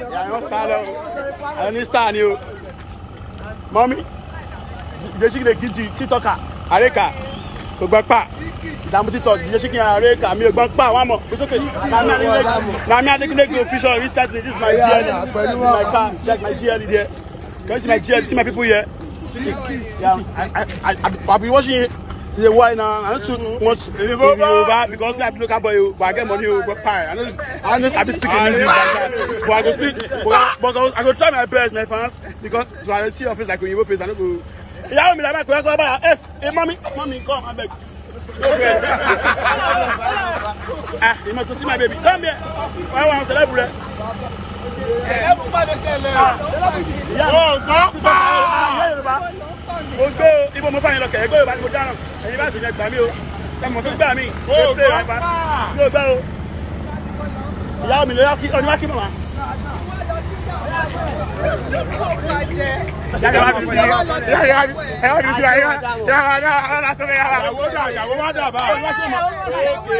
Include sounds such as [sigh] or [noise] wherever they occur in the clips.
Yeah, I understand you. yàrá sá lọ ẹni star ni o mọ́mí jésìkì lè kíjì títọ́ka àrékà kò gbọ́n pa ìdààmú títọ́ jésìkì àrékà mi ò gbọ́n pa wọ́n mọ̀ kó sókè nami adekunle official restart me this my gl my car check my gl there can you see my gl see my people here yeah I, I, I, I'll be watching it she say why na i no too much be yoruba because me i be local boy o but i get money o but pie i no i no sabi speak english like that but i go speak but but i go try my best my fans because so i see your face like oyibo face i no go ìyàwó mi làbá ìpínlẹ̀ kọ́ bá ẹ̀ ẹ̀ mọ́mí mọ́mí come abeg [laughs] ah you must see my baby come here why wan celebrate. ẹ ẹ mú bá mi ṣẹlẹ̀. Ah, ìyá mi gbọ́ gbọ́ mo ibo mo bá yín lọ kẹ̀kẹ́ dáràn ẹ̀yin bá sì yẹn gbà mí o ẹ̀mọ̀ tó gbà mí o pè rà pa mi gbà o ìyá mi lóyá kí ọdún wá kí màmá.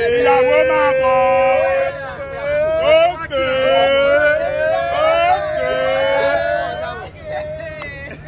ìyàwó máa bọ̀.